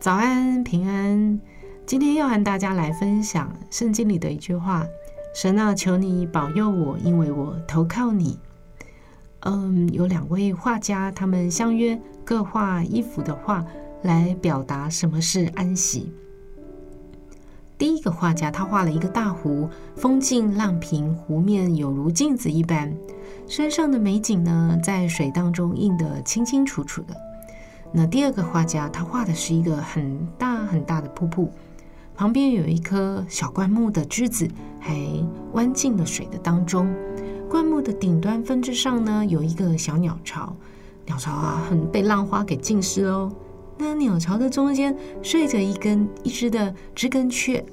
早安，平安。今天要和大家來分享聖經裡的一句話：“神啊，求你保佑我，因為我投靠你。”嗯，有兩位畫家，他們相約各畫一幅的畫來表達什麼是安息。第一個畫家，他畫了一個大湖，風靜浪平，湖面有如鏡子一般，山上的美景呢，在水當中映得清清楚楚的。那第二個畫家，他畫的是一個很大很大的瀑布，旁邊有一棵小灌木的枝子，還彎進了水的當中。灌木的頂端分支上呢，有一個小鳥巢，鳥巢啊，很被浪花給浸濕哦。那鳥巢的中間睡着一根一只的知更雀。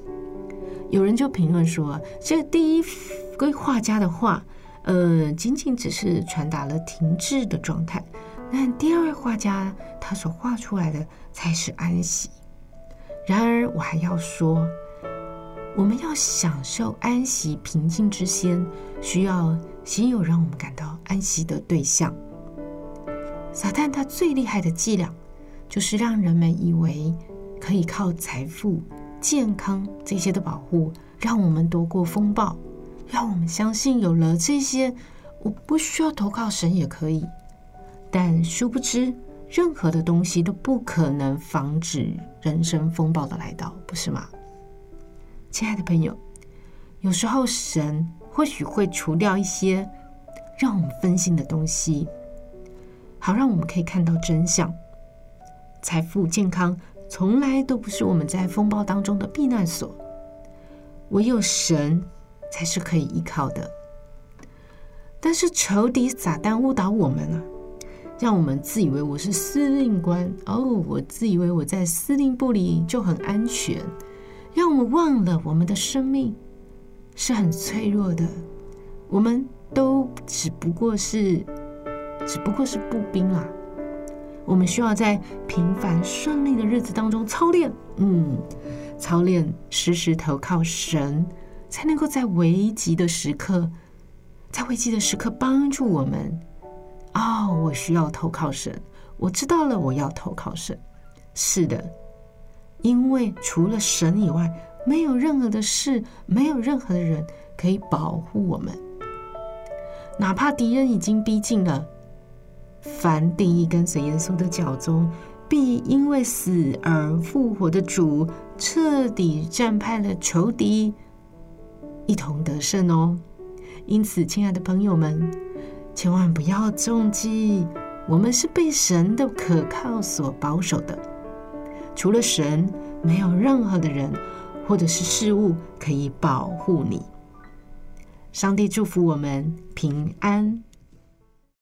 有人就評論說，這第一個畫家的畫，呃，僅僅只是傳達了停滯的狀態。那第二位畫家，他所畫出來的才是安息。然而，我還要說，我們要享受安息、平靜之先，需要先有讓我們感到安息的對象。撒旦他最厲害的伎倆，就是讓人們以為可以靠財富、健康這些的保護，讓我們躲過風暴，讓我們相信有了這些，我不需要投靠神也可以。但殊不知，任何的東西都不可能防止人生風暴的來到，不是嗎？親愛的朋友，有時候神或許會除掉一些讓我們分心的東西，好讓我們可以看到真相。財富、健康從來都不是我們在風暴當中的避難所，唯有神才是可以依靠的。但是仇敵撒旦誤導我們了、啊。讓我們自以為我是司令官哦，我自以為我在司令部裡就很安全，讓我們忘了我們的生命是很脆弱的，我們都只不過是只不過是步兵啊。我們需要在平凡順利的日子當中操練，嗯，操練時時投靠神，才能夠在危急的時刻，在危機的時刻幫助我們。哦，我需要投靠神。我知道了，我要投靠神。是的，因為除了神以外，沒有任何的事，沒有任何的人可以保護我們。哪怕敵人已經逼近了，凡定意跟隨耶穌的腳蹤，必因為死而復活的主徹底戰敗了仇敵，一同得勝哦。因此，親愛的朋友們。千萬不要中計，我們是被神的可靠所保守的，除了神，沒有任何的人或者是事物可以保護你。上帝祝福我們平安。